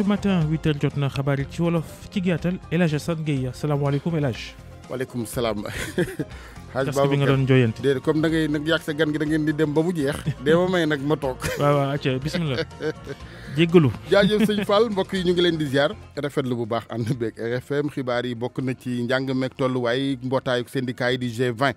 du matin 8 jot na xabaar yi ci wolof ci gàttal El Hadj Assane Gueye asalaamaaleykum El Hadj. waaleykum salaam. xaaj nga doon jooyanti déedéet comme da nag yàgg sa gan gi da ngeen di dem ba mu jeex. dee ma may nag ma toog. waaw waaw acca bisimilah. jéggalu jaajëf sëñ Fall mbokk yi ñu ngi leen di ziar rafetlu bu baax ànd beeg RFM xibaar yi bokk na ci njàng meeg tolluwaay mbootaayu syndicat yi di G20.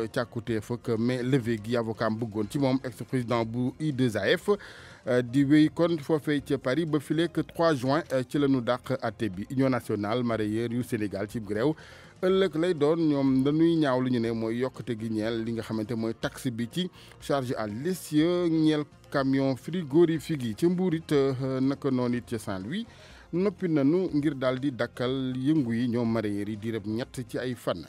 càkkutee fak mais levé gi avocat bëggoon ci moom ex président bu I2AF euh, di wéy kon foofee ci Paris ba filé que 3 juin euh, ci lañu ñu dàq atte bi union nationale mareyeur yu Sénégal ci gréew ëllëg lay doon ñoom dañuy ñaaw lu ñu ne mooy yokkute gi ñeel li nga xamante mooy taxi bi ci charge à l'essieu ñeel camion frigorifique yi ca Mbour it euh, naka noonu it Saint-Louis noppi nanu ngir daldi di dakkal yëngu yi ñoom mareyeur yi di rëb ñett ci ay fan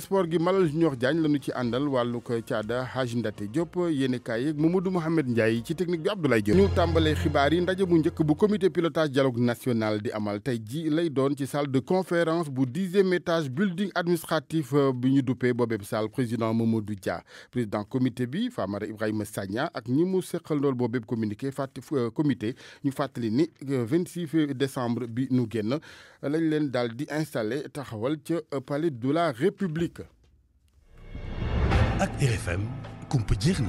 sport gi Malal Junior Diagne la ñu ci andal walu ko caada haji Ndate Diop yene kay yeeg Mamadou Mohamed Ndiaye ci technique bi Abdoulaye Diop. ñu tambalé xibaar yi ndaje bu ñëk bu comité pilotage dialogue national di amal tay ji lay doon ci salle de conférence bu e étage building administratif euh, bi ñu duppé bobé salle président Mamadou Dia président comité bi Famara Ibrahima Sagna ak ñi mu seqandool bobé communiqué fàtt euh, comité ñu fatali ni 26 euh, décembre bi nu génn lañ leen dal di installé taxawal ci palais de la république. Avec RFM, qu'on peut dire. Non?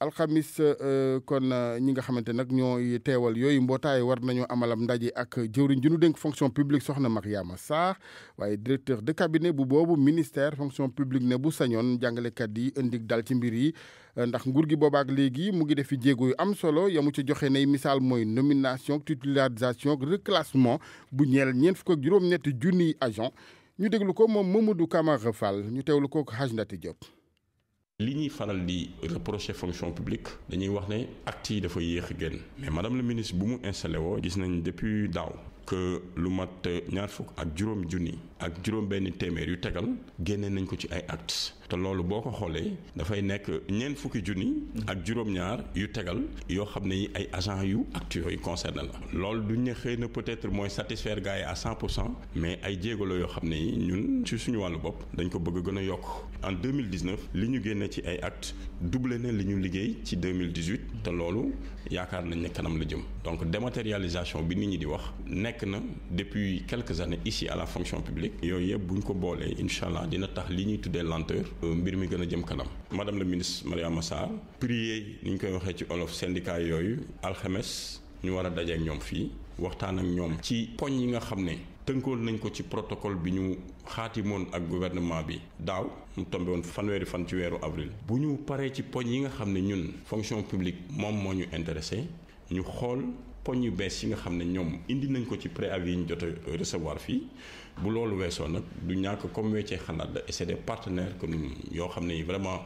alxamis euh, kon euh, ñi nga xamante nag ñooy teewal yooyu mbootaay war nañu amalam ndaje ak jëwriñ ju ñu dénk fonction publique soxna Mariama Sarr waaye directeur de cabinet bu boobu ministère fonction publique ne bu sañoon jàngalekat yi indi dal ci mbir yi euh, ndax nguur gi boobaak léegi mu ngi def fi jéego yu am solo yamu ci joxe nay misaal mooy nomination titularisation reclassement bu ñeel ñeent fukk ak juróom-ñetti junniy agent ñu déglu ko moom Mamadou Camara Fall ñu teewlu ko ak Haj Diop li ñuy faral di reprocher fonction publique dañuy wax ne actes yi dafa yéex a mais madame le ministre bu mu installé woo gis nañ depuis daaw que lu mat ñaar fukk ak juróom junni ak juróom benn téeméer yu tegal génne nañ ko ci ay actes te loolu boo ko xoolee dafay nekk ñeent fukki junni ak juróom-ñaar yu tegal yoo xam ne ay agent yu actuels yu concerné la loolu du ñu xëy na peut-être mooy satisfaire gars yi à 100 pour cent mais ay jéego la yoo xam ne ñun ci suñu wàllu bopp dañ ko bëgg gën a yokk en 2019 li ñu génne ci ay actes doublé na li ñu liggéey ci 2018 te loolu yaakaar nañ ne kanam la jëm donc dématérialisation bi nit ñi di wax nekk na depuis quelques années ici à la fonction publique yooyu yëpp buñ ko boolee incha allah dina tax li ñuy tuddee lenteur Euh, mbir mi gën a jëm kanam madame la ministre Mariama Sarr prier ni ñu koy waxee ci olof syndicat yooyu alxames ñu war a daje ñoom fii waxtaan ak ñoom ci poñ yi nga xam ne tënkoon nañ ko ci protocole bi ñu xaatimoon ak gouvernement bi daaw ñu tombé woon fanweeri fan ci weeru avril bu ñu paree ci poñ yi nga xam ne ñun fonction publique moom moo ñu intéressé ñu xool poñ yu yi nga xam ñom indi nañ ko ci préavis ñu jot euh, recevoir fi bu lolu weesoo nak du ñàkk comme weccee xanaat da et c'est des partenaires que yo yoo vraiment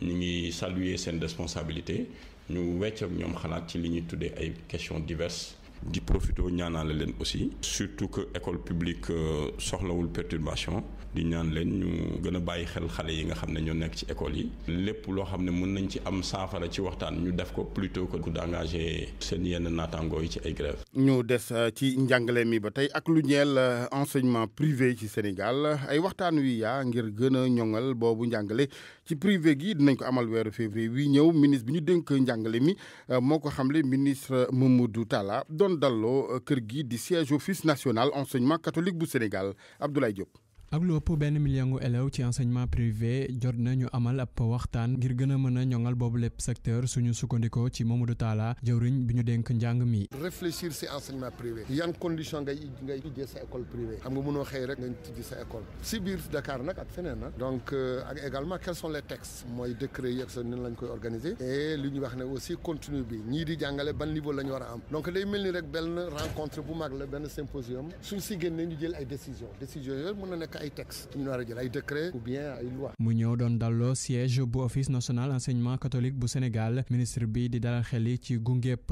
ñi ngi saluer sen responsabilité ñu wecc ñom xanaat ci li ñuy tuddee ay questions diverses di profito ñaanale leen aussi surtout que école publique euh, soxlawul perturbation di ñaan leen ñu gëna bayyi xel xalé yi nga xamné ne ñoo nekk ci école yi lepp lo xamné mën nañ ci am saafara ci waxtaan ñu def ko plutôt que d' engager seen yenn natango yi ci ay grève ñu dess euh, ci njàngale mi ba tey ak lu ñeel euh, enseignement privé ci Sénégal ay waxtaan wi ya ngir gëna ñongal bobu boobu ci privé gi dinañ ko amal weeru février wi ñew ministre bi ñu dénk njàngale mi moko xamlé ministre Mamadou Tala Dallo, uh, Kirgui du siège office national enseignement catholique du Sénégal Abdoulaye Diop ak lu ben benn million ci enseignement privé jot na ñu amal ap waxtaan ngir gëna mëna ñongal bobu lepp secteur suñu sukkandikoo ci Mamadou Talla jëwriñ biñu ñu dénk mi. réfléchir ci enseignement privé yan condition ngay ngay tijjee sa école privée xam nga mëno xey rek nga tijji sa école ci bir Dakar nak ak fenen nak ah. donc euh, ak également quels sont les textes moy décret yi ak sa nan lañ koy organiser et li ñu wax né aussi continue bi ñi di jàngale ban niveau lañ wara am donc day melni rek ben rencontre bu mag la symposium suñ si génné ñu jël ay Décision, décision yooyu ay texte ñu war jël ay décret ou bien ay loi mu ñëw doon dalloo siège bu office national enseignement catholique bu Sénégal ministre bi di dalal xel yi ci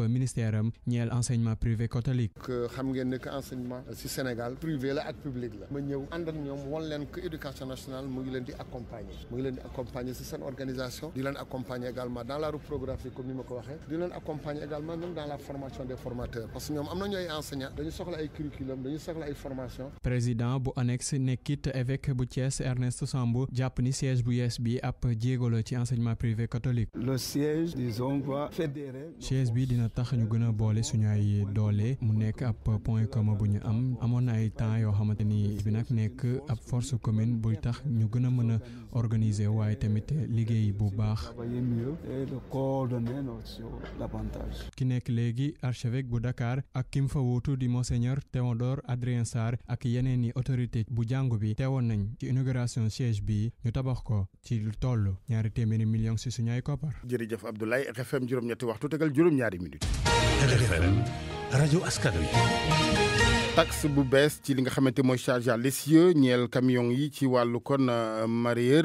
ministère am ñeel enseignement privé catholique xam ngeen ne enseignement si Sénégal privé la ak public la ma ñëw ànd ak leen éducation nationale mu ngi leen di accompagner mu ngi leen di accompagner ci seen organisation di leen accompagner également dans la reprographie comme ni ma ko di leen accompagner également dans la formation des formateurs parce que ñom am nañu ay enseignants dañu soxla ay curriculum dañu soxla ay formation président bu annexe nekki njiit évêque Boutiès Ernest Sambou jàpp siège bu yees bi Lotti, ci enseignement privé catholique. le siège disons va fédérer. siège bi dina tax ñu gën a boole suñu ay doole mu nekk ab point commun am amon ay temps yo xamanteni bi nak nekk ab force commune bu tax ñu gëna a organiser waaye tamit liggéey bu baax. ki nekk légui archevêque bu Dakar ak kim fa wotu di monseigneur Théodore Adrien Sarr ak yeneen autorité bu jàngu bi. bi teewoon nañ ci inauguration siège bi ñu tabax ko ci lu toll ñaari téeméeri millions si suñu ay koppar. jërëjëf Abdoulaye RFM juróom-ñetti waxtu tegal juróom-ñaari minutes. RFM rajo askan bu bees ci li nga xamante mooy charge à l'essieu ñeel camion yi ci wàllu kon euh, mareyeur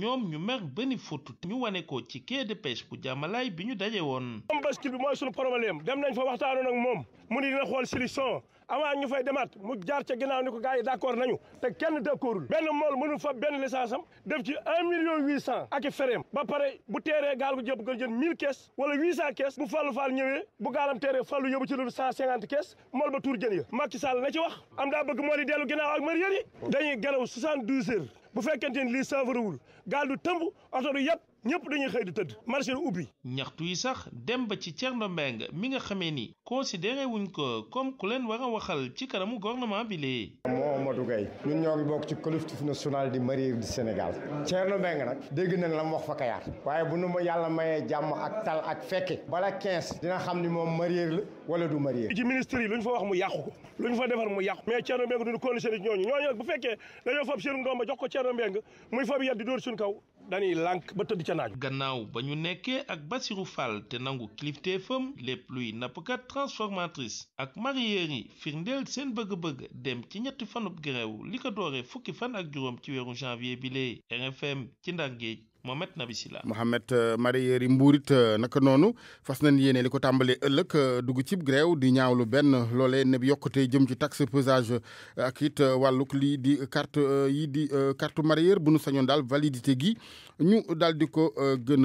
ñoom ñu mer benn fotu ñu wane ko ci quai de pêche bu jàmmalaay bi ñu dajee woon. moom bascule bi mooy suñu problème dem nañ fa waxtaanoon ak moom mu ni dina xool solution avant ñu fay demat mu jaar ci ginaaw ni ko gaay d'accord nañu te kenn d'accordul ben mol mënu fa ben licence am def ci 1 million huit ak ferem ba paré bu téré gaal gu jëpp gën jën 1000 kees wala 800 cent bu fallu fall ñëwé bu gaalam téré fallu yobu ci lu cent cinquante kees ba tour jën ya Macky Sall la ci wax am da bëgg mool yi dellu ginnaaw ak mariéri dañuy garaw 72 douze heures bu fekkente ni lii saafara wul gaal du tëmb auto du yëpp ñëpp dañuy xëy di tëdd marché ubbi. ñaxtu yi sax dem ba ci Thierno Mbengue mi nga xamee ni considéré wuñ ko comme ku leen war a waxal ci kanamu gouvernement bi lee. Mouhamadou Gueye ñun ñoo ngi bokk ci collectif national di mareyeur du Sénégal Thierno nag dégg nag la mu wax fa Kayar waaye bu nu ma yàlla mayee jàmm ak tal ak fekke bala 15 dina xam ni moom mareyeur la wala du mareyeur. ci ministre yi lu ñu fa wax mu yàqu ko lu ñu fa defar mu yàqu. mais Thierno bu fekkee dañoo fab seen ko Thierno Mbengue muy fab yat di dóor suñ dañuy lànk ba tëdd ca gannaaw ba ñu nekkee ak Bassirou fal te nangu kilifteefam lépp luy nappkat transformatrice ak mareyeur yi firndeel seen bëgg-bëgg dem ci ñett fanub grève li ko dooree fukki fan ak juróom ci weeru janvier bi lee RFM ci Ndar Géej Mohamed Nabisila Mohamed euh, Mareyeur Mbuurit euh, naka nonu fas nañ yéene li d'igna tàmbalee ëllëg euh, dugg cib grève di ñaawlu jëm ci taxe pesage ak it di carte yi di carte bu nu validité gi ñu dal di ko gën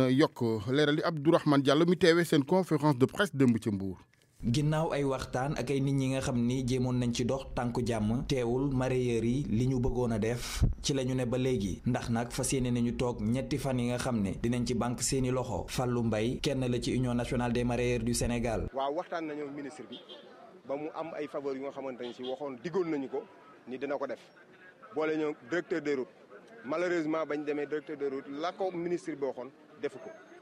Abdourahmane Diallo mi conférence de presse de ginnaaw ay waxtaan ak ay nit ñi nga xam ni jéemoon nañ ci dox tànku jàmm teewul mareyeur yi li ñu bëggoon a def ci la ñu ne ba léegi ndax nag fas yéene nañu toog ñetti fan yi nga xam ne dinañ ci banque seeni loxo Fallou mbay kenn la ci Union nationale des mareyeurs du Sénégal. waaw waxtaan nañu ministre bi ba mu am ay faveur yu nga xamante ne si waxoon diggoon nañu ko ni dina ko def boole ñoo directeur de route malheureusement bañ demee directeur de route la defu ko.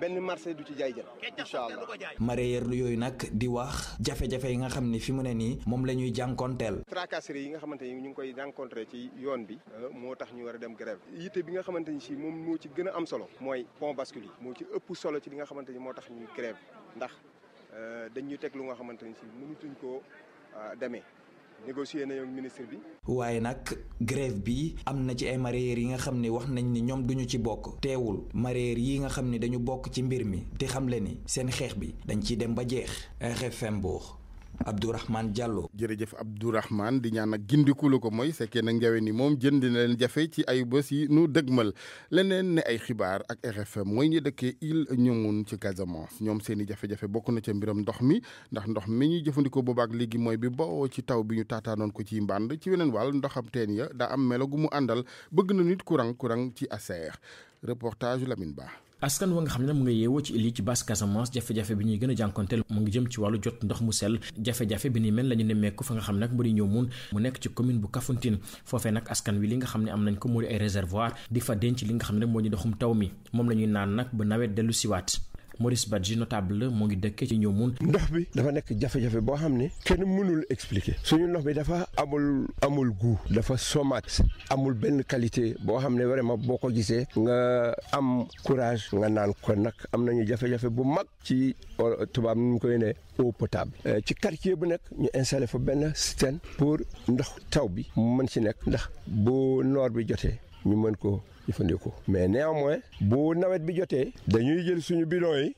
benn marché du ci jaay jën incha allah. mareyeur yooyu nag di wax jafe-jafe yi nga xam ni fi mu ne nii moom la ñuy jànkonteel. tracasserie yi nga xamante ni ñu ngi koy jànkontre ci yoon bi euh, moo tax ñu war a dem grève yitte bi nga xamante ni si moom moo ci gën am solo mooy pont bascule yi moo ci ëpp solo ci li nga xamante ni moo tax ñuy grève ndax euh, dañ ñu teg lu nga xamante ni si mënutuñ ko euh, demee négocier nañu ak ministre bi. waaye nag grève bi am na ci ay mareyeur yi nga xam ne wax nañ ni ñoom duñu ci bokk teewul mareyeur yi nga xam ne dañu bokk ci mbir mi te xam le ni seen xeex bi dañ ciy dem ba jeex RFM Mbour Abdourahmane jàlloo jërëjëf Abdourahmane di ñaan ak gindiku ko mooy fekkee nag njawe ni moom jënd na leen jafe ci ay bës yi nu dëgmal leneen ne ay xibaar ak RFM mooy ñu dëkkee il ñëwoon ci Casamance ñoom seen i jafe-jafe bokk na ca mbiram ndox mi ndax ndox mi ñuy jëfandikoo boobaak léegi mooy bi boo ci taw bi ñu taataanoon ko ci mbànd ci weneen wàll ndoxam teen ya daa am melo gu mu àndal bëgg na nit courant courant ci aseer reportage Lamine Ba. askan wa nga xam ne mu ngi yeewoo ci île ci basse Casamance jafe-jafe bi ñuy gën a jànkonteel mu ngi jëm ci wàllu jot ndox mu sell jafe-jafe bi ni mel lañu ñu nemmeeku fa nga xam ne nag mu di ñëw mun mu nekk ci commune bu Kafountine foofee nag askan wi li nga xam ne am nañ ko mu di ay réservoir di fa denc li nga xam ne moo ñu doxum taw mi moom la ñuy naan nag ba nawet dellu siwaat Maurice Badji notable la moo ngi dëkk ci ñoomun ndox bi dafa nekk jafe-jafe boo xam ne kenn mënul expliquer suñu ndox bi dafa amul amul goût dafa somaat amul benn qualité boo xam ne vraiment boo ko gisee nga am courage nga naan ko nag am nañu jafe-jafe bu mag ci euh, tubaab nu ñu koy ne eau potable euh, ci quartier bu nekk ñu installé fa benn système pour ndox taw bi mu mën ci nekk ndax bu noor bi jotee ñu mën ko jëfandikoo mais néanmoins bu nawet bi jotee dañuy jël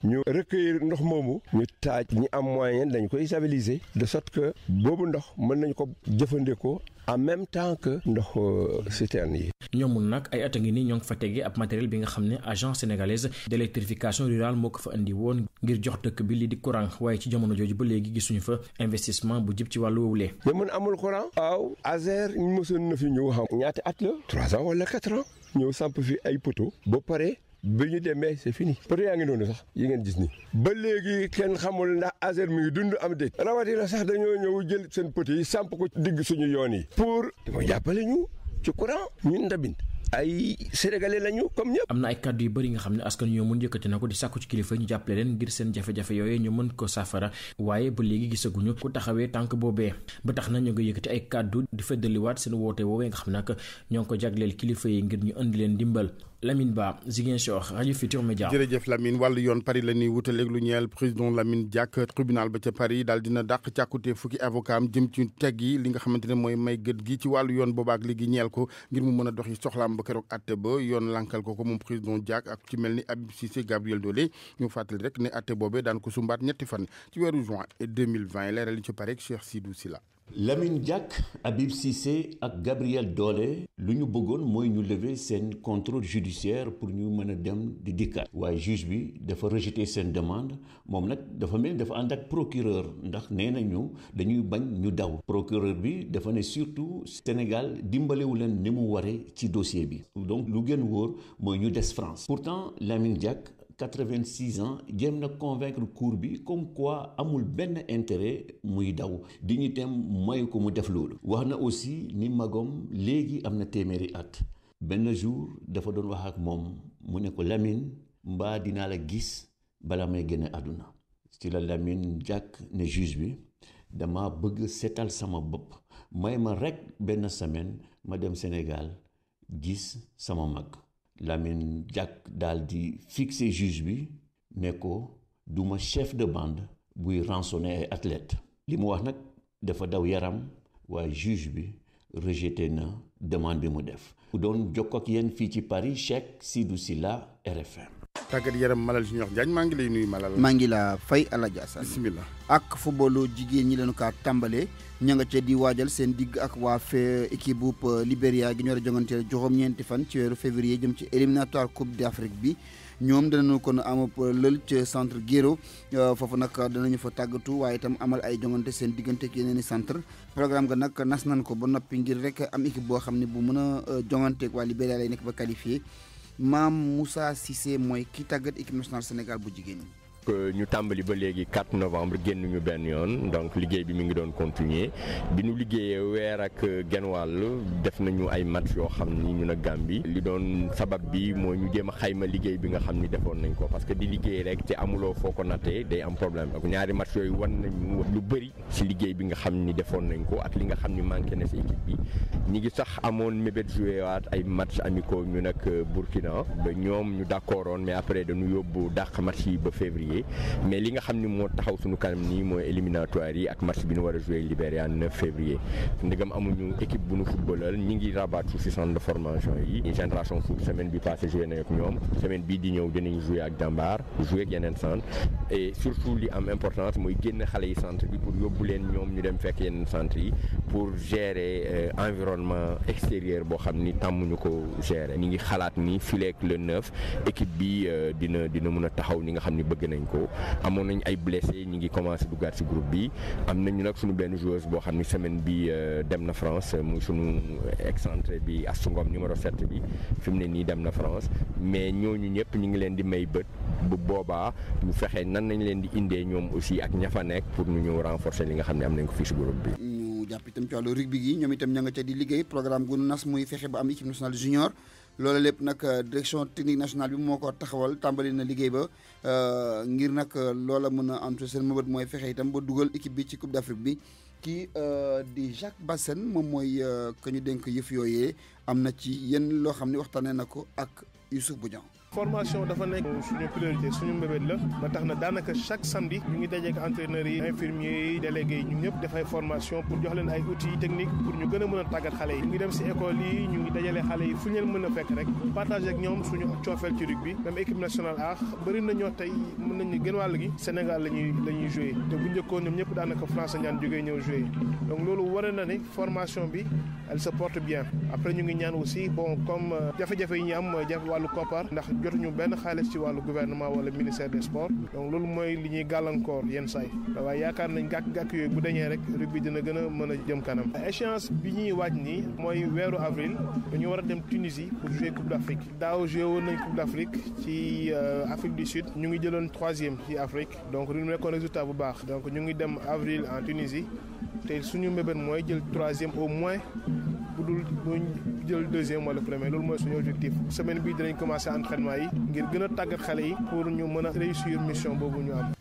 ñu recueillir ndox moomu ñu taaj ñi am moyen dañ koy stabiliser de sorte que boobu ndox mën nañ ko jëfandikoo en même temps que ndox euh, citerne yi. ñoomul nag ay atangi ni ngi ñoo ngi fa tegee ab matériel bi nga xam ne agence sénégalaise d'électrification rurale moo ko fa indi woon ngir jox dëkk bi lii di courant waaye ci jamono jooju ba léegi gisuñu fa investissement bu jëm ci wàllu woowulee. mais amul courant. waaw azer ñu mosoon na fi ñëw xam. ñaata at la. trois ans wala quatre ans. ñëw samp fi ay poteaux. ba pare bi ñu demee c'est fini poto yaa ngi noonu sax yi ngeen gis nii ba léegi kenn xamul ndax ASER mi ngi dund am déet rawatina sax dañoo ñëw jël seen poto yi samp ko digg suñu yoon yi pour dama jàppale ñu ci courant ñun ndabin ay sénégalais lañu comme ñëpp. am na ay kàddu yu bëri nga xam ne askan ñoo mën yëkkati na ko di sàkku ci kilifa ñu jàppale leen ngir seen jafe-jafe yooyu ñu mën ko saafara waaye ba léegi gisaguñu ku taxawee tànk boobee ba tax na ñu ngi yëkkati ay kàddu di feddaliwaat seen woote woowee nga xam nag ñoo ko jagleel kilifa yi ngir ñu indi leen dimbal Lamine Ba Ziguinchor Radio Futur Média. jërëjëf Lamine wàllu yoon Paris la ñuy wutaleeg lu ñeel président Lamine Diak, tribunal ba Paris daal dina dàq càkkute fukki avocat am jëm ci teg yi li nga xamante ne mooy may gët gi ci wàllu yoon boobaak léegi ñeel ko ngir mu mën a doxi soxlaam ba keroog àtte ba yoon lankal ko ko moom président Diak, ak ci mel Abib Cissé Gabriel Dolé, ñu fàttali rek ne àtte boobee daan ko sumbaat ñetti fan ci juin 2020 leeral ci Paris Cheikh Sidou Sila. Lamine Diack Habib Cissé ak Gabriel dolé lu ñu bëggoon mooy ñu lever seen contrôle judiciaire pour ñu mën a dem di dikkaat waaye juge bi dafa rejeter seen demande moom nag dafa mel dafa ànd ak procureur ndax nee nañu dañuy bañ ñu daw procureur bi dafa ne surtout Sénégal dimbalewu leen ni mu waree ci dossier bi donc lu gën wóor mooy ñu des France pourtant Lamine Diack 86 ans jéem na convaincre cour bi comme quoi amul ben intérêt muy daw di ñu mayu ko mu def lolu waxna aussi ni magom léegi amna na at ben jour dafa don wax ak mom mu ne ko Lamine mba dina la gis bala may génne aduna ci la Lamine Jack ne juge bi dama bëgg sétal sama bop may ma rekk benn semaine ma dem Sénégal gis sama mag Lamine jac Jack di fixé juge bi neko chef de bande buy rançonner athlète li mu wax nak dafa daw yaram wa juge bi rejeté na demande bi mu def. ou donne jokkoo ak fi ci Paris Cheikh Sidou RFM. tàggat yaram Malal Junior Diagne jagn mangi lay nuy Malal. mangi la fay bismillah ak footballu jigéen ñi lañu ka tambalé ña nga ci di wajal seen dig ak wa fe équipe bu euh, Libéria gi ñu wara a joxom ñenti fan ci wéru février jëm ci éliminatoire coupe d'Afrique bi. ñoom danañu kon am leul ci centre Guéro euh, foofu nag danañu fa tagatu waye tam amal ay jongante seen digënté ci yeneeni Program centre programme ga nak nas nan ko bu nopi ngir rek am équipe bo xamni bu mëna a euh, ak wa Libéria lay nek ba qualifier maam Moussa Cissé mooy ki tàggat équipe nationale Sénégal bu jigéen ñi. Euh, ñu tambali ba léegi 4 novembre génn ñu ben yoon donc liggéey bi mi ngi doon continuer bi ñu liggéeyee weer ak euh, genn def nañu ay match yo xamni ni ñun Gambie li doon sabab bi mooy ñu jema xayma liggéey bi nga xamni defoon nañ ko parce que di liggéey rek ci amulo foko naté day am problème ak ñaari match yooyu wan nañu lu bëri ci liggéey bi nga xamni defoon nañ ko ak li nga xamni ni manqué na ci équipe bi ñi ngi sax amoon mébét joué waat ay match amico ñu nak euh, Burkina ba ñoom ñu d'accordone mais après de ñu yobbu dakh match yi ba février mais li nga xam ni moo taxaw suñu kanam nii mooy éliminatoire yi ak match bi ñu war jouer Libéria 9 février ndegam amuñu équipe bu ñu footballal ñi ngi rabaat su si de formation yi génération foot semaine bi passé joué nañ ak ñoom semaine bii di ñëw dinañ joué ak Jambaar jouer ak yeneen centre et surtout li am importance mooy génn xale yi centre pour yóbbu leen ñoom ñu dem fekk yeneen centre yi pour gérer euh, environnement extérieur boo xam ni tàmmuñu gérer ñi ngi filet ni le 9 équipe bi euh, dina dina mën a taxaw ni nga xam bëgg ko amoon nañ ay blessé ñi ngi commencé duggaat si group bi am nañu nag suñu benn joueuse boo xam ni semaine bi euh, dem na France muy suñu excentré bi Astou Ngom numéro 7 bi fi mu ne nii dem na France mais ñooñu ñëpp ñu ngi leen di may bët bu boobaa ñu fexe nan nañ leen di indee ñoom aussi ak ña fa nekk pour ñu ñëw renforcer li nga xam ne am nañ ko fii si groupe bi. ñu jàpp itam ci wàllu rugby gi ñoom itam ña di liggéey programme gu nas muy fexe loolu lépp nag euh, direction technique nationale bi moo ko taxawal tàmbali na liggéey ba euh, ngir nag euh, loola mën a am seen mëbët mooy fexe itam ba dugal équipe bi ci Coupe d'Afrique bi kii di Jacques Bassène moom mooy ka ñu dénk yëf yooyee am na ci yenn loo xam ne nee na ko ak bu Bodian formation dafa nek suñu priorité suñu mbébét la ba tax na daanaka chaque samedi ñu ngi ak entraîneur yi infirmier yi délégué yi ñu ñëpp def formation pour jox leen ay outils techniques pour ñu gëna mëna mën xalé yi ñu dem ci école yi ñu ngi dajalé xalé yi fu ñu leen mën fekk rek partager ak ñom suñu coofeel ci rugby bi même équipe nationale ah bari na ñoo tey mën nañu gën wàll gi Sénégal lañuy lañuy jouer té bu njëkkoon ñom ñëpp danaka France ñaan jógee ñëw jouer donc lolu waré na né formation bi elle se porte bien après ñu ngi ñaan aussi bon comme jafé euh, jafé yi ñi am mooy jafe wàllu koppar ndax jotuñu benn xaalis ci wàllu gouvernement wala ministère des sports donc loolu mooy li ñuy gàllankoor yenn saay waaye yaakaar nañ gàkk-gàkk yooyu bu dañee rek rugby dina gën a mën a jëm kanam échéance bi ñuy waaj nii mooy weeru avril dañu war a dem Tunisie pour jouer coupe d'Afrique daaw joué woon nañ coupe d'Afrique ci euh, Afrique du Sud ñu ngi jëloon troisième ci Afrique donc lu nekkoon résultat bu baax donc ñu ngi dem avril en Tunisie te suñu mébét mooy jël troisième au moins budul dul jël deuxième wala premier loolu mooy suñu objectif semaine bii dinañ commencé entraînement yi ngir gën a tàggat xale yi pour ñu mën a réussir mission boobu ñu am.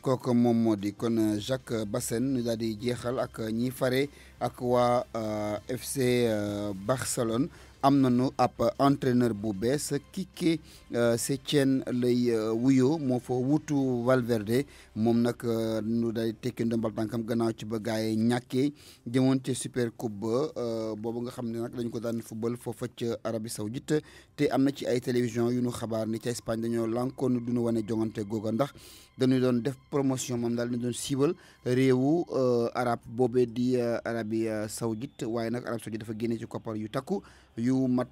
kooku moom moo di kon euh, Jacques Bassène daal di jeexal ak ñi fare ak waa euh, FC euh, Barcelone. am na nu ab entraîneur bu bees Kike euh, Setien lay euh, wuyoo moo fa wutu Valverde moom nag euh, nu day tekki ndombal tànkam gannaaw ci ba gars yi ñàkkee jëmoon ci super coupe ba boobu nga xam ne nag dañ ko daan football foofa ca Arabie Saoudite te am na ci ay télévision yu nu xabaar ni ca Espagne dañoo lànkoon duñu wane jongante googa ndax dañu doon def promotion moom daal dañu doon siibal réewu euh, arab boobee di euh, Arabie euh, Saoudite waaye nag Arabie Saoudite dafa génne ci koppar yu takku yu mat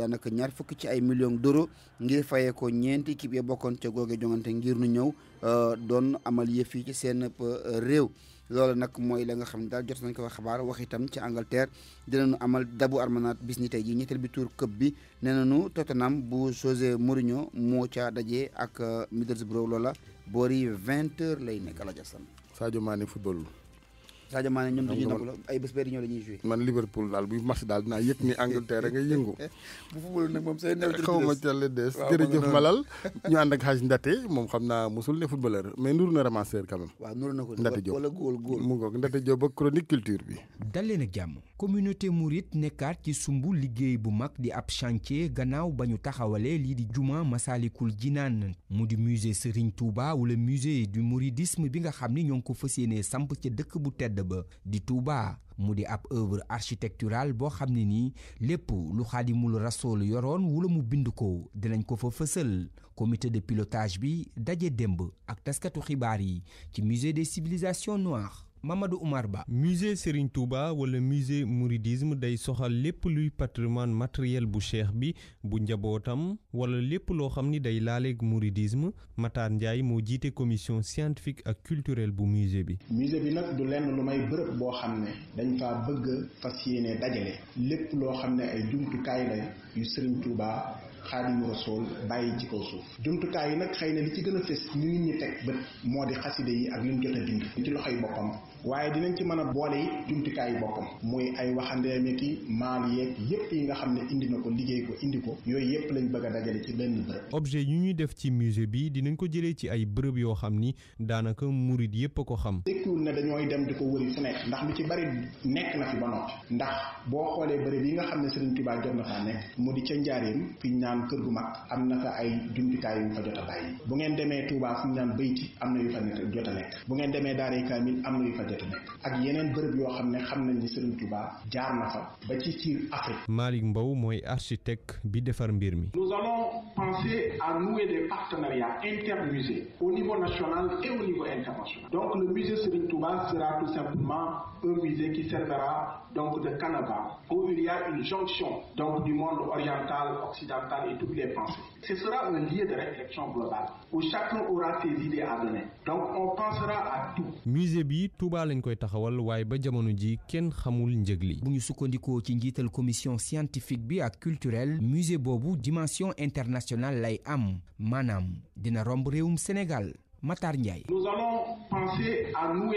daanaka ñaar fukki ci ay millions d'euros ngir fayee ko ñeenti équipe ya bokkoon ca googe jongante ngir nu ñëw doon amal yëf yi ci seen réew. loolu nag mooy la nga xam ne daal jot nañ ko xabaar wax itam ci Angleterre dinañu amal dabu armanat bis ni tey ji ñetteel bi tour këpp bi nee nañu Tottenham bu José Mourinho moo ca daje ak Middlesbrough loola boori 20 heures lay nekk Aladji Assane Sadio Mané football Sadio Mané ñoom dañuy nangu la ay bés bee di ñëw dañuy man Liverpool daal buy match daal dinaa yëg ni Angleterre nga yëngu bu football nag moom say new xaw ma ca la des jërëjëf Malal ñu ànd ak Hadj Ndate moom xam naa mosul ne footballeur mais nuru na ramasseur quand Ndate Diop wala chronique culture bi dal leen jàmm communauté mouride nekkaat ci sumb liggéey bu mag di ab chantier gannaaw ba ñu taxawalee lii di juma Masalikul Jinaan mu di musée Serigne Touba wala musée du mouridisme bi nga xam Tedd di Touba mu di ab œuvre architecturale bo xamni ni lepp lu xaadimul rasoul yoron wula mu comité de pilotage bi daje demb ak taskatu xibaar yi ci musée des civilisations noires Mamadou Oumar Ba musée Serigne Touba wala musée mouridisme day soxal lepp luy patrimoine matériel bu cheikh bi bu njabootam wala lepp lo xamni ni day laaleeg mouridisme Matar Ndiaye mo jité commission scientifique ak culturelle bu musée bi. musée bi nak du lenn lu may bërëb boo xam dañ fa bëgg fas dajalé lepp lo xamné xam ne ay jumtukaay la yu Serigne Touba Xaadimu Rasuul bayyi ci ko suuf jumtukaay yi nak xeyna li ci gëna fess ni ñu ñi tek ba modi moo yi ak li mu bind ci loxay bopam waaye dinañ ci mën a boolee yi jumtukaayu boppam muy ay waxandeeme ki maal yeeg yépp yi nga xam ne indi na ko liggéey ko indi ko yooyu yépp lañ bëgg a dajale ci benn bërëb objet yu ñuy def ci musée bi dinañ ko jëlee ci ay bërëb yoo xam ni daanaka murit yépp a ko xam tekkiwul na dañooy dem di ko wëri fu nekk ndax lu ci bari nekk na fi ba noppi ndax boo xoolee bërëb yi nga xam ne Serigne Touba jot na faa nekk mu di ca njaareem fi ñaan kër gu mag am na fa ay jumtukaay yu fa jot a bu ngeen demee Touba fu ñu naan bayti am na yu fa jot bu ngeen demee daaree kaamil nous allons penser à nouer des partenariats intermusées au niveau national et au niveau international. donc le musée Serigne Touba sera tout simplement un musée qui servira donc de Canada où il y a une jonction donc du monde oriental occidental et toutes les pensées. Ce sera un lieu de réflexion globale où chacun aura ses idées à donner. Donc on pensera à tout. musée bi Touba koy taxawal ba jamono ji commission scientifique bi culturelle musée Bobu dimension internationale lay Sénégal. Matar Ndiaye. nous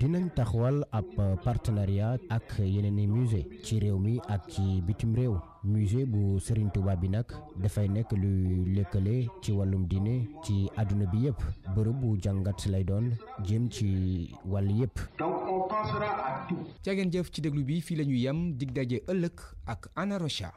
dinañ taxawal ab partenariat ak yeneen i ci réew mi ak ci bitim réew musée bu Serigne Touba bi nag dafay nekk lu lëkkale ci wàllum dine ci àdduna bi yëpp bërëb bu jàngat lay doon jëm ci wàll yëpp. donc on pensera à tout. jaa ngeen jëf ci déglu bi fii la ñuy yem dig daje ëllëg ak Ana Rocha.